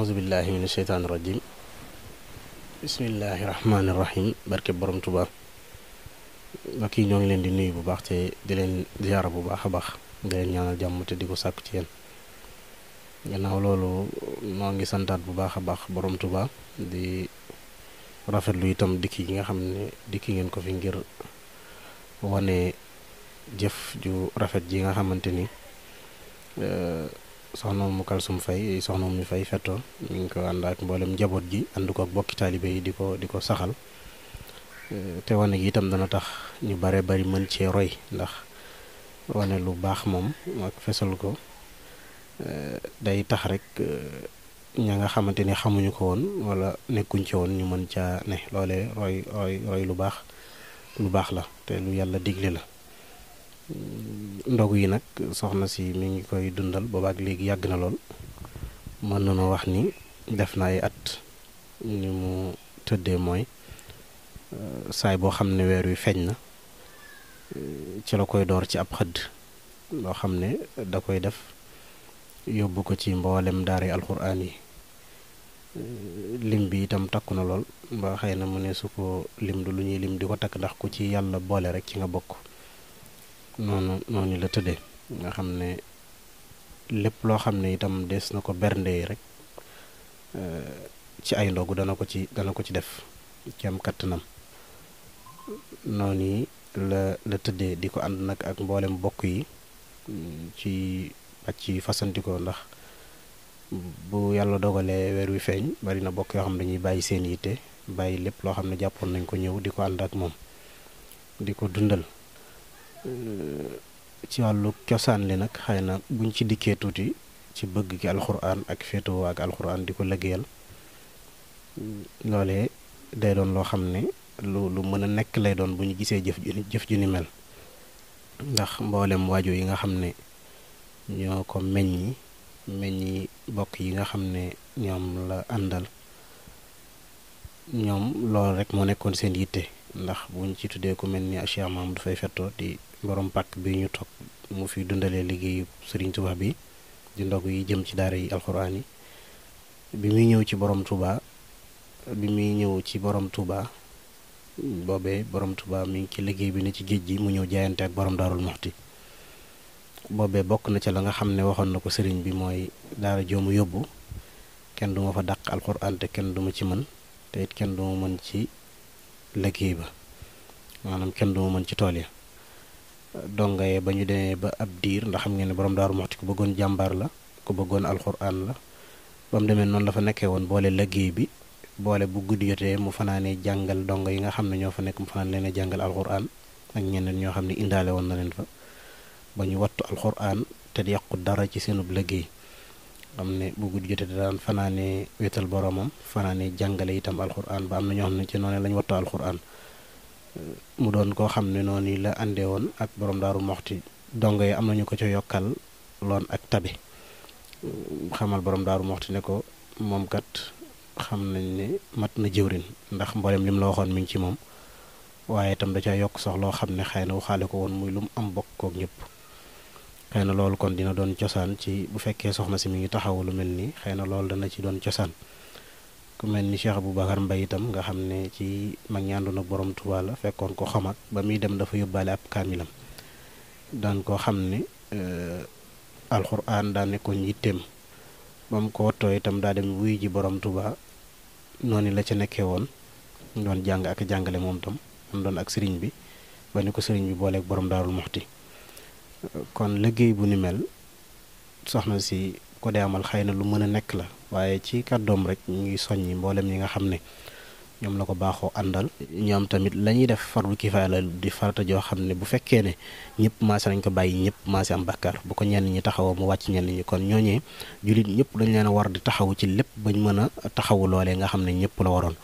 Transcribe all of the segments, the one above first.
auzu billahi min asheytaani rajim bismillahi rahmaani rahim barke borom tuba mbokk yi ñoo ngi leen di nuyu bu baax te di leen ziyaara bu baax a baax di leen ñaanal jàmm te di ko sàkk ci yéen gannaaw loolu noo ngi santaat bu baax a baax borom tuba di rafet lu itam dikk yi nga xam ne dikki ngeen ko fi ngir wane jëf ju rafet ji nga xamante ni euh, soxna mu Kalsum Faye soxna mu Faye Fetto mi ngi ko ànd ak mboolem njaboot ji ànd ko ak bokki taalibe yi di ko di ko saxal te wane gi itam dana tax ñu bare bari mën cee roy ndax wane lu baax moom ak fesal ko day tax rek ña nga xamante ni xamuñu ko woon wala nekkuñ ci woon ñu mën caa ne loole roy roy roy lu baax lu baax la te lu yàlla digle la ndogu yi nag soxna si mi ngi koy dundal ak léegi yàgg na lool mën nañoo wax ni def na ay at ni mu tëddee mooy euh, saay boo xam ne weer wi feeñ na euh, ci la koy door ci ab xëdd loo xam ne da koy def yóbbu ko ci mboolem daari alxuraan yi euh, lim bi itam takku na lool ba xëy na mu ne su ko lim du lu ñuy lim di ko takk ndax ku ci yàlla boole rek ci nga bokk noonu noonu la tëdde nga xam ne lépp loo xam ne itam des na ko berndee rek eh, ci ay ndogu dana ko ci dana ko ci def ci am kattanam noonu yi la la tëddee di ko ànd nag ak mboolem bokk yi mm, ci pàcc yi fasantikoo ndax bu yàlla dogalee weer wi feeñ bari na bokk yoo xam ne dañuy bàyyi seen yitte bàyyi lépp loo xam ne jàppoon nañ ko ñëw di ko ànd ak moom di ko dundal Euh, ci wàllu cosaan li nag xëy na buñ ci dikkee tuuti ci bëgg gi alxuraan ak féetewoo ak alxuraan di ko liggéeyal loolee day doon loo xam ne lu lu mën a nekk lay doon bu ñu gisee jëf ju jëf ju ni mel ndax mboolem waajur yi nga xam ne ñoo ko meññi meññi bokk yi nga xam ne ñoom la àndal ñoom loolu rek moo nekkoon seen yitte ndax buñ ci tuddee ko mel ni Cheikh Mamadou Faye di borom pàkk bi ñu toog mu fi dundalee liggéeyu sëriñ Touba bi di ndog yi jëm ci daara yi alxuraan yi bi muy ñëw ci borom tubaa bi muy ñëw ci borom tubaa boobee borom Touba mi ngi ci liggéey bi ne ci géej gi mu ñëw jaayante borom daarul moxti boobee bokk na ca la nga xam ne waxoon na ko sëriñ bi mooy daara joomu yóbbu kenn duma fa dàq alxuraan te kenn duma ci mën te it kenn duma mën ci liggéey ba maanaam kenn duma mën ci tool ya donga yee ba ñu demee ba ab diir ndax xam ngeen ne borom daaru moxti ku bëggoon jàmbaar la ku bëggoon alxuraan la ba mu demee noonu la nekkee woon boole liggéey bi boole bu guddi jotee mu fanaanee jàngal donga yi nga xam ne ñoo fa nekk mu fanaan leen jàngal alxuraan ak ñeneen ñoo xam ne indaale woon na leen fa ba ñu wattu alxuraan te di yàqu dara ci seenub liggéey xam ne bu guddi jotee daan fanaanee wetal boromam fanaanee jàngale itam alxuraan ba am na ñoo xam ne ci noonu lañ wattu alxuraan mu doon koo xam ne noonu la àndee woon ak borom daaru moxti dongo yi am nañu ko ca yokkal loon ak tabe xamal borom daaru moxti ne ko moom kat xam nañ ne mat na jëwrin ndax mboolem lim la waxoon mi ngi ci moom waaye tam da ca yokk sax loo xam ne xëy na xaale ko woon muy lu mu am bokk kook ñëpp xëy na loolu kon dina doon cosaan ci bu fekkee soxna si mi ngi taxawu lu mel nii xëy na loolu dana ci doon cosaan ku mel ni Cheikh Aboubacar Mbaye itam nga xam ne ci mag ñi àndoon ak borom Tuubaa la fekkoon ko xamak ba muy dem dafa yóbbaale ab kaamilam daan ko xam ne eh, alxuraan daan nekkoon yitteem moom ko wattoo itam daa dem wuy ji boroom Tuubaa noonu la ca nekkee woon doon jàng ak jàngale moom itam àndoon ak sëriñ bi ba ni ko sëriñ bi booleeg borom daarul moxti kon liggéey bu ni mel soxna si ko dee amal xëy na lu mën a nekk la waaye ci kàddoom rek ñu soñ soññi mbooleem ñi nga xam ne ñoom la ko baaxoo àndal ñoom tamit lañuy def def fardu kifaaya la di farata joo xam ne bu fekkee ne ñëpp maase nañ ko bàyyi ñëpp maase am bàkkaar bu ko ñenn ñi taxawoo mu wàcc ñenn ñi kon ñooñee jullit ñëpp dañ leen a war di taxawu ci lépp bañ mën a taxawu loolee nga xam ne ñëpp la waroon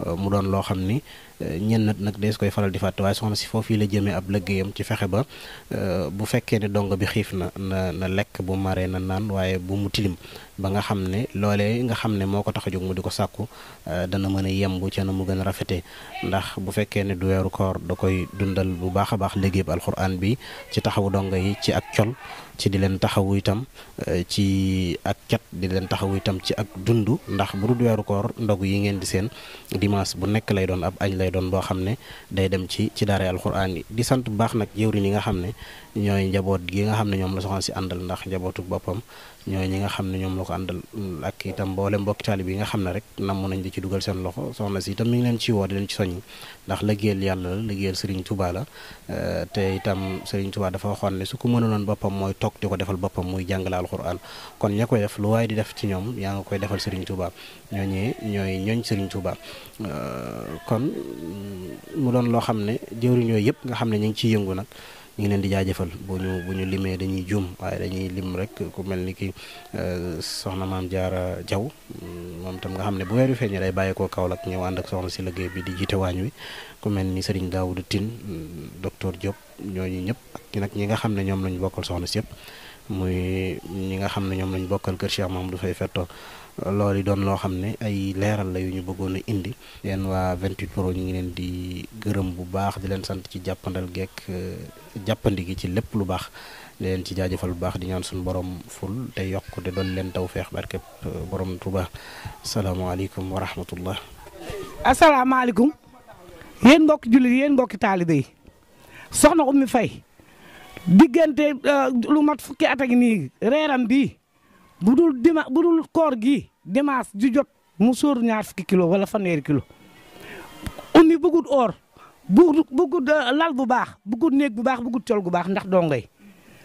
Euh, mu doon loo xam ni euh, ñenn nag su koy faral di fàtte waaye soxna si foofii la jëmee ab liggéeyam ci fexe ba euh, bu fekkee ne dongo bi xiif na na lekk bu maree na naan waaye bu mu tilim ba nga xam ne loolee nga xam ne moo ko tax a jóg mu di ko sàkku dana mën a yemb ca na mu gën a rafetee ndax bu fekkee ne du weeru koor da koy dundal bu baax a baax liggéeyub alxuraan bi ci taxawu dongo yi ci ak col ci di leen taxawu itam eh, ci ak cat di leen taxawu itam ci ak dund ndax bu dul weeru koor ndogu yi ngeen di seen dimanche bu nekk lay doon ab añ lay doon boo xam ne day dem ci ci daara alxuraan yi di sant bu baax nag jëwriñ yi nga xam ne ñooy njaboot gi nga xam ne ñoom la soxna si àndal ndax njabootu boppam ñooy ñi nga xam ne ñoom la ko àndal ak itam mboolem mbokk taalib yi nga xam ne rek namm nañ di ci dugal seen loxo soxna si itam mi ngi leen ci woo di leen ci soññ ndax liggéeyal yàlla la liggéeyal Serigne Touba la euh, te itam Serigne Touba dafa waxoon ne su ko mënoon boppam mooy toog di ko defal boppam muy jàngale alxuraan kon ña koy def lu waaye di def ci ñoom yaa nga koy defal Serigne Touba ñooñee ñooy ñooñ Serigne Touba euh, kon mu doon loo xam ne jëwriñ yooyu yëpp nga xam ne ñu ngi ciy yëngu nag ñu ngi leen di jaajëfal bu ñu bu ñu limee dañuy juum waaye dañuy lim rek ku mel ni ki euh, soxna maam jaara jaw moom tam nga xam ne bu weeru feeñee day bàyyeekoo koo Kaolack ñëw ànd ak soxna si liggéey bi di jiite waañ wi ku mel ni Serigne Daoud Tine docteur Diop ñooñu ñëpp ak nag ñi nga xam ne ñoom lañu bokkal soxna si yëpp muy ñi nga xam ne ñoom lañu bokkal kër Cheikh Mamadou Faye Fetto lool yi doon loo xam ne ay leeral la yu ñu bëggoon a indi yéen waa 28 pro ñu ngi leen di gërëm bu baax di leen sant ci jàppandal geek euh, jàppandi gi ci lépp lu baax di leen ci jaajëfal bu baax di ñaan suñu borom ful te yokk te doon leen taw feex barkeb euh, borom Tuuba salaamaaleykum wa rahmatullah asalaamaaleykum yéen mbokki jullit soxna Oumy fay diggante euh, lu mat fukki at ak nii reeram bii bu dul dima bu dul koor gii dimanche ju jot mu sóor ñaar fukki kilo wala fanweeri kilo Oumy bëggut or bu euh, lal bu baax bëggut néeg bu baax bëggut col gu baax ndax dongoy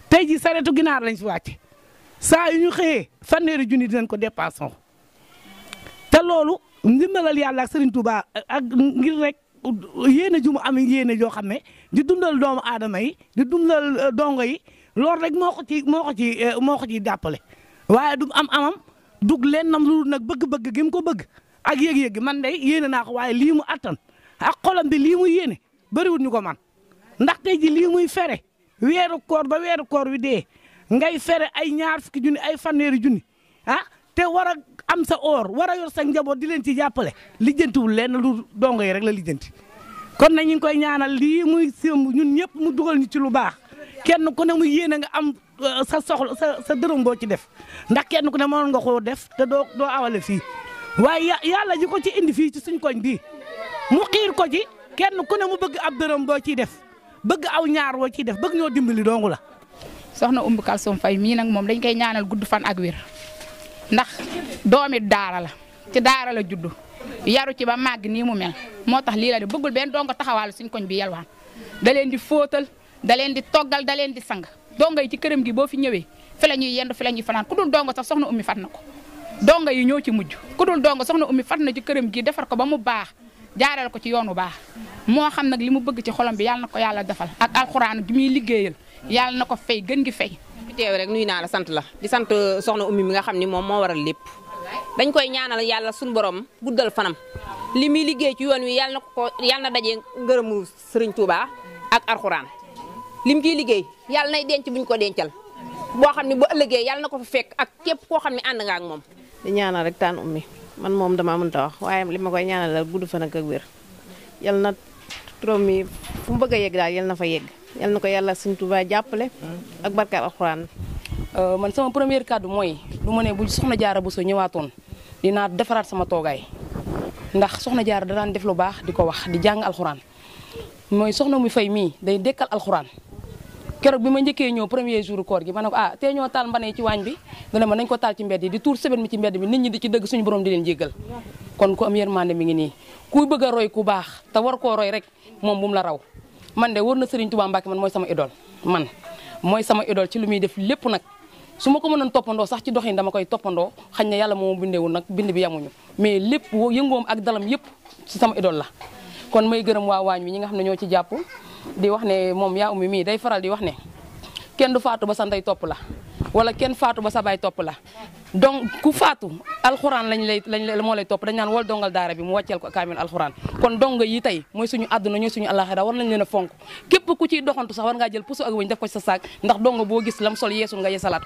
tey ji saretu ginaar lañ si wàcc saa yu ñu xëyee fanweeri junni dinañ ko dépassé te loolu ndimbalal yàlla ak Serigne Touba ngir rek. yéene ju mu am yéene joo xam ne di dundal doomu aadama yi di dundal euh, dongo yi loolu rek moo ko ci moo ko ci euh, moo ko ciy dàppale waaye du am amam dug leen nam lu nag bëgg-bëgg gi ko bëgg ak yëg-yëg man day yéene naa ko waaye lii mu attan ak xolam bi lii muy yéene bëriwul ñu ko man ndax tey ji lii muy fere weeru koor ba weeru koor wi dee ngay fere ay ñaar fukki junni ay fanweeri junni ah te war a am sa oor war a yor sa njaboot di leen ci jàppale lijjantiwul lenn lu dongo yi rek la lijjanti kon na ñu ngi koy ñaanal lii muy sëmb ñun ñëpp mu dugal ñu ci lu baax kenn ku ne mu yéene nga am euh, sa soxla sa sa dërëm boo ci def ndax kenn ku ne mënoon nga koo def te doo doo awale fii waaye yàlla ji ko ci indi fii ci suñ koñ bii mu xiir ko ci kenn ku ne mu bëgg ab dërëm boo ciy def bëgg aw ñaar woo ciy def bëgg ñoo dimbali dongu la. soxna Oumou Kalsoum Faye mii nag moom dañ koy ñaanal gudd fan ak wér. ndax doomi daara la ci daara la juddu yaru ci ba màgg nii mu mel moo tax lii la de bëggul benn dongo taxawaalu suñ koñ bi yalwaan da leen di fóotal da leen di toggal da leen di sang dongo yi ci këram gi boo fi ñëwee fi la ñuy yendu fi la ñuy fanaan ku dul dongo sax soxna ummi fat na ko dongo yi ñoo ci mujj ku dul dongo soxna ummi fat na ci këram gi defar ko ba mu baax jaareel ko ci yoonu baax moo xam nag li mu bëgg ci xolom bi yàlla na ko yàlla defal ak alxuraan bi muy liggéeyal yàlla na ko fay gën gi fay teew rek nuyu naa la sant la di sant euh, soxna ummi mi nga xam ni moom moo waral lépp dañ koy ñaanal yàlla suñu borom guddal fanam li muy liggéey ci yoon wi yàlla na ko yàlla daje ngërëmu sëriñ Touba ak arxuraan lim liggéey yàlla nay denc buñ ko dencal boo xam ne boo ëllëgee yàlla na ko fa fekk ak képp koo xam ne ànd nga ak moom. di ñaanal rek taan ummi man moom damaa mënta wax waaye li ma koy ñaanal gudd fan ak ak yàlla na turam mi fu mu bëgg a yegg daal yàlla na fa yegg. yal na ko yàlla suñ Tuubaa jàppale ak barkaar alxuraan euh, man sama première kàddu mooy lu ma ne bu soxna jaar bu soo ñëwaatoon dinaa defaraat sama toogaay ndax soxna jaara da daan def lu baax di ko wax di jàng alxuraan mooy soxna muy fay mii day dekkal alxuraan keroog bi ma njëkkee ñëw premier jour koor gi ma ne ko ah tey ñoo taal mbane ci waañ bi dana ma nañ ko taal ci mbedd yi di tuur sebet mi ci mbedd bi nit ñi di ci dëgg suñu borom di leen jéggal kon ku am mi ngi nii kuy bëgg roy ku baax te war koo roy rek moom bu la raw man de war na Serigne Touba Mbacke man mooy sama idole man mooy sama idole ci lu muy def lépp nag su ma ko mënoon toppandoo sax ci doxin dama koy toppandoo xañ na yàlla moom moo bindeewul nag bind bi yamuñu mais lépp yëngoom ak dalam yëpp si sama idole la kon may gërëm waa waañ wi ñi nga xam ne ñoo ci jàpp di wax ne moom yaa umi mii day faral di wax ne kenn du faatu ba santay topp la wala kenn faatu ba sa topp la donc ku faatu alxuraan lañ lay lañ lay moo lay topp dañ naan wal dongal daara bi mu wàcceel ko kaamil alxuraan kon dong yi tey mooy suñu àdduna ñooy suñu àlaxira war nañ leen a fonk képp ku ciy doxantu sax war ngaa jël puso def ko ci sa saak ndax dong boo gis lam sol yeesul nga yeesalaat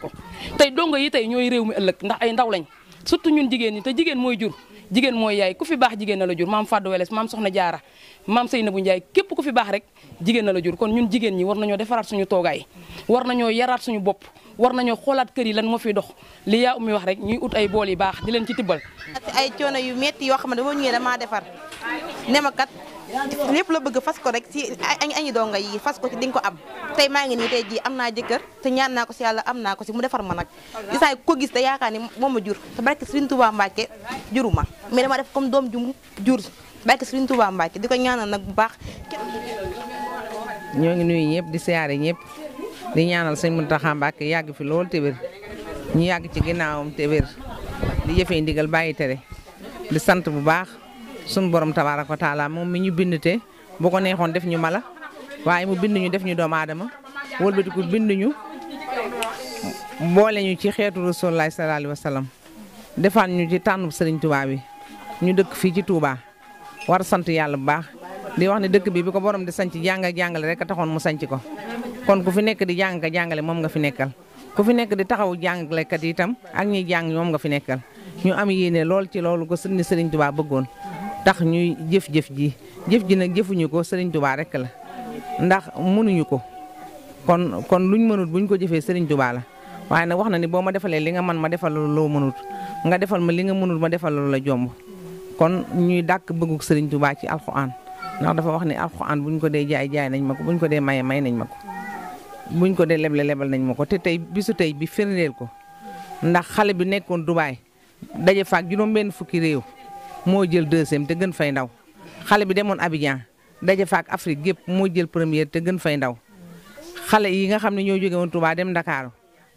tey dong yi ñooy réew mi ëllëg ndax ay lañ surtout ñun jigéen ñi te jigéen mooy jur jigéen mooy yaay ku fi baax jigéen na la jur maam Fadou Welees maam Soxna Jaara maam Seynabou Ndiaye képp ku fi baax rek jigéen la jur kon ñun jigéen ñi war nañoo defaraat suñu toogaay war nañoo yaraat suñu bopp war nañoo xoolaat kër yi lan moo fiy dox li yaa ummi wax rek ñuy ut ay bool yu baax di leen ci tibbal. ay coono yu métti yoo xam ne boo ñëwee damaa defar ne ma kat lépp la bëgg fas ko rek si añ añi donga yi fas ko ci di ko ab tey maa ngi nii tey jii am naa jëkkër te ñaana ko si yàlla am naa ko si mu defar ma nag isaan ko gis te yaakaar ni moom ma jur te barke Serigne Touba Mbacke juruma mais dama def comme doom ju mu jur barke Serigne Touba Mbacke di ko ñaanal nag bu baax ngi nuyu ñëpp di siyaare ñëpp di ñaanal sëñ Muntaxa Mbàkke yàgg fi loolu te ñu yàgg ci ginnaawam te wér di jëfee ndigal bàyyi tere di sant bu baax sunu borom tabaaraka wa taala moom mi ñu bind te bu ko neexoon def ñu mala waaye mu bind ñu def ñu doomu aadama wëlbatiku bind ñu boole ñu ci xeetu rasulullahi sallallahu alayhi wa sallam defaan ñu ci tànn sëriñ Tuubaa bi ñu dëkk fii ci Touba war sant yàlla bu baax di wax ne dëkk bii bi ko borom di sanc jàng ak jàngale rek a taxoon mu sanc ko kon ku fi nekk di jàng ka jàngale moom nga fi nekkal ku fi nekk di taxaw jàngalekat itam ak ñuy jàng ñoom nga fi nekkal ñu am yéene lool ci loolu ko sëriñ sëriñ Tuubaa bëggoon tax ñuy jëf-jëf ji jëf ji nag jëfuñu ko sëriñ Tuubaa rek la ndax mënuñu ko kon kon luñ mënut buñ ko jëfee sëriñ Tuubaa la waaye nag wax na ni boo ma defalee li nga man ma defal loo mënut nga defal ma li nga mënut ma defal la jomb kon ñuy dàkk bëgguk sëriñ Tuubaa ci alxuraan ndax dafa wax ni alxuraan buñ ko dee jaay jaay nañ ma ko buñ ko dee maye may nañ ma ko buñ ko dee leble lebal nañ ma ko te tey bisu tey bi firndeel ko ndax xale bi nekkoon Dubaay daje faak juróom benn fukki réew moo jël deuxième te gën fay ndaw xale bi demoon Abidjan daje faak Afrique gépp moo jël première te gën fay ndaw xale yi nga xam ne ñoo jóge woon Touba dem Dakar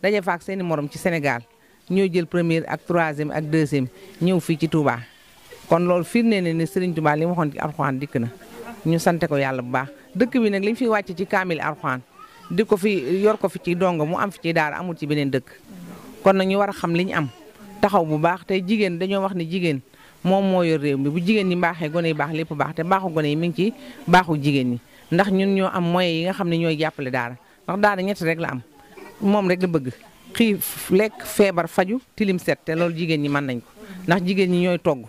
daje faak seeni morom ci Sénégal ñoo jël première ak troisième ak deuxième ñëw fii ci tuubaa kon loolu firnde ne ne Serigne Touba li mu waxoon ci alxuraan dikk na ñu sante yàlla bu baax dëkk di ko fi yor ko fi ci dongo mu am fi ci daara amul ci beneen dëkk kon nag ñu war a xam li ñu am taxaw bu baax tey jigéen dañoo wax ne jigéen moom moo yor réew mi bu jigéen ñi mbaaxee gone yi baax lépp baax te baaxu gone yi mi ngi ci baaxu jigéen ñi ndax ñun ñoo am moyens yi nga xam ne ñooy jàppale daara ndax daara ñett rek la am moom rek la bëgg xiif lekk feebar faju tilim set te loolu jigéen ñi mën nañ ko ndax jigéen ñi ñooy togg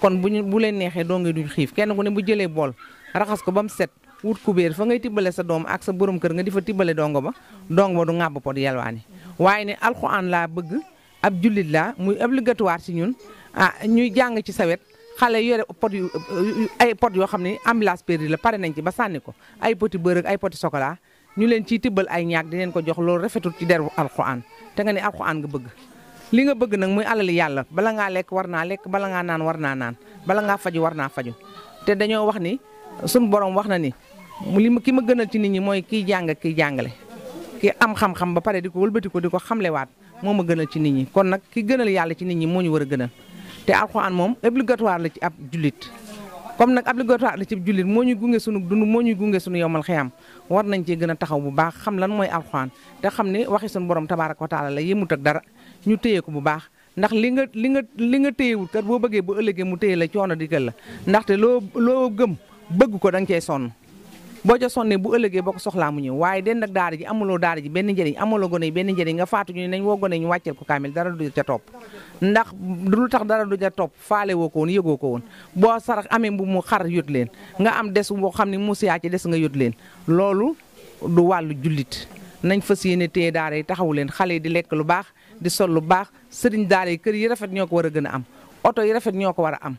kon bu ñu bu leen neexee doo duñ xiif kenn ku ne bu jëlee bool ko ba set wut kubéer fa ngay tibbale sa doom ak sa borom kër nga di fa tibbale dongo ba dongo ba du ŋàbb po yalwaani waaye ne alxuraan laa bëgg ab jullit laa muy obligatoire ci ñun a ah, ñuy jàng ci sawet xale yore pot yu ay pot yoo xam ne ambulance péri la pare nañ ci ba sànni ko ay poti beurre ay poti chocolat ñu leen ciy tibbal ay ñaag di leen ko jox loolu rafetul ci der deru alxuraan te nga ne alxuraan nga bëgg li nga bëgg nag muy alali yàlla bala ngaa lekk war naa lekk bala ngaa naan war naa naan bala ngaa faju war naa faju te li ma ki ma gënal ci nit ñi mooy kii jàng kiy jàngale ki am xam-xam ba pare di ko wëlbati ko di ko xamlewaat moo ma gënal ci nit ñi kon nag ki gënal yàlla ci nit ñi moo ñu war a gënal te alxuraan moom obligatoire la ci ab jullit comme nag obligatoire la ci jullit moo ñuy gunge sunu dund moo ñuy gunge sunu yomal xiyam war nañ cee gën a taxaw bu baax xam lan mooy alxuraan te xam ne waxi sunu borom tabaaraka wa taala la yemut ak dara ñu téye ko bu baax. ndax li nga li nga li nga téyewut kat boo bëggee bu ëllëgee mu téye la coono digal la ndaxte loo loo gëm bëgg ko danga cey sonn. boo ca sonnee bu ëllëgee boo ko soxlaa mu ñëw waaye den nag daara ji amuloo daara ji benn njëriñ amuloo gone yi benn njëriñ nga faatu ñu ne nañ woo gone ñu wàcceel ko kaamil dara du ca topp ndax du lu tax dara du ja topp faalewoo woo ko woon yëgoo ko woon boo sarax amee bu mu xar yoot leen nga am des boo xam ne musiyaa ci des nga yót leen loolu du wàllu jullit nañ fas yéene téye daara yi taxawu leen xale yi di lekk lu baax di sol lu baax sëriñ daara yi kër yi rafet ñoo ko war a gën a am oto yi rafet ñoo ko war a am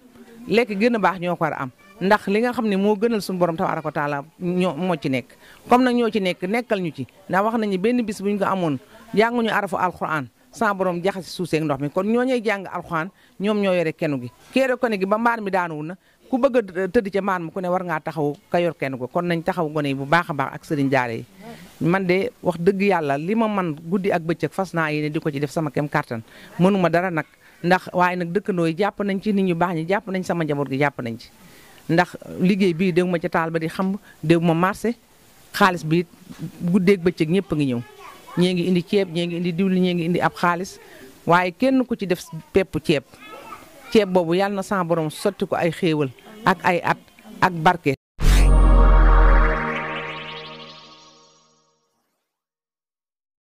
lekk gën a baax ñoo ko a am ndax li nga xam ne moo gënal suñu borom tabaaraka wa taala ñoo moo ci nekk comme nag ñoo ci nekk nekkal ñu ci ndax wax nañu benn bis bu ñu ko amoon jànguñu arafu alquran sa borom jaxasi suuf seeg ndox mi kon ñoo ñuy jàng alquran ñoom ñoo yore kenn gi kéere ko ne gi ba mbaar mi daanuwul na ku bëgg a tëdd ca maan ma ku ne war ngaa taxaw ka yor kenn ko kon nañ taxaw gone yi bu baaxa baax ak sëriñ jaare yi man de wax dëgg yàlla li ma man guddi ak bëccëg fas naa yéene di ko ci def sama kem kàttan mënuma dara nag ndax waaye nag dëkkandoo yi jàpp nañ ci nit ñu baax ñi jàpp nañ sama njaboot gi jàpp nañ ci ndax liggéey bii dégg ma ci taal ba di xam déw ma marché xaalis bi guddeeg bëccëg ñëpp a ngi ñëw ñee ngi indi ceeb ñee ngi indi diwli ñee ngi indi ab xaalis waaye kenn ku ci def peppu ceeb ceeb boobu yàlla na sa borom sotti ko ay xéewal ak ay at ak barke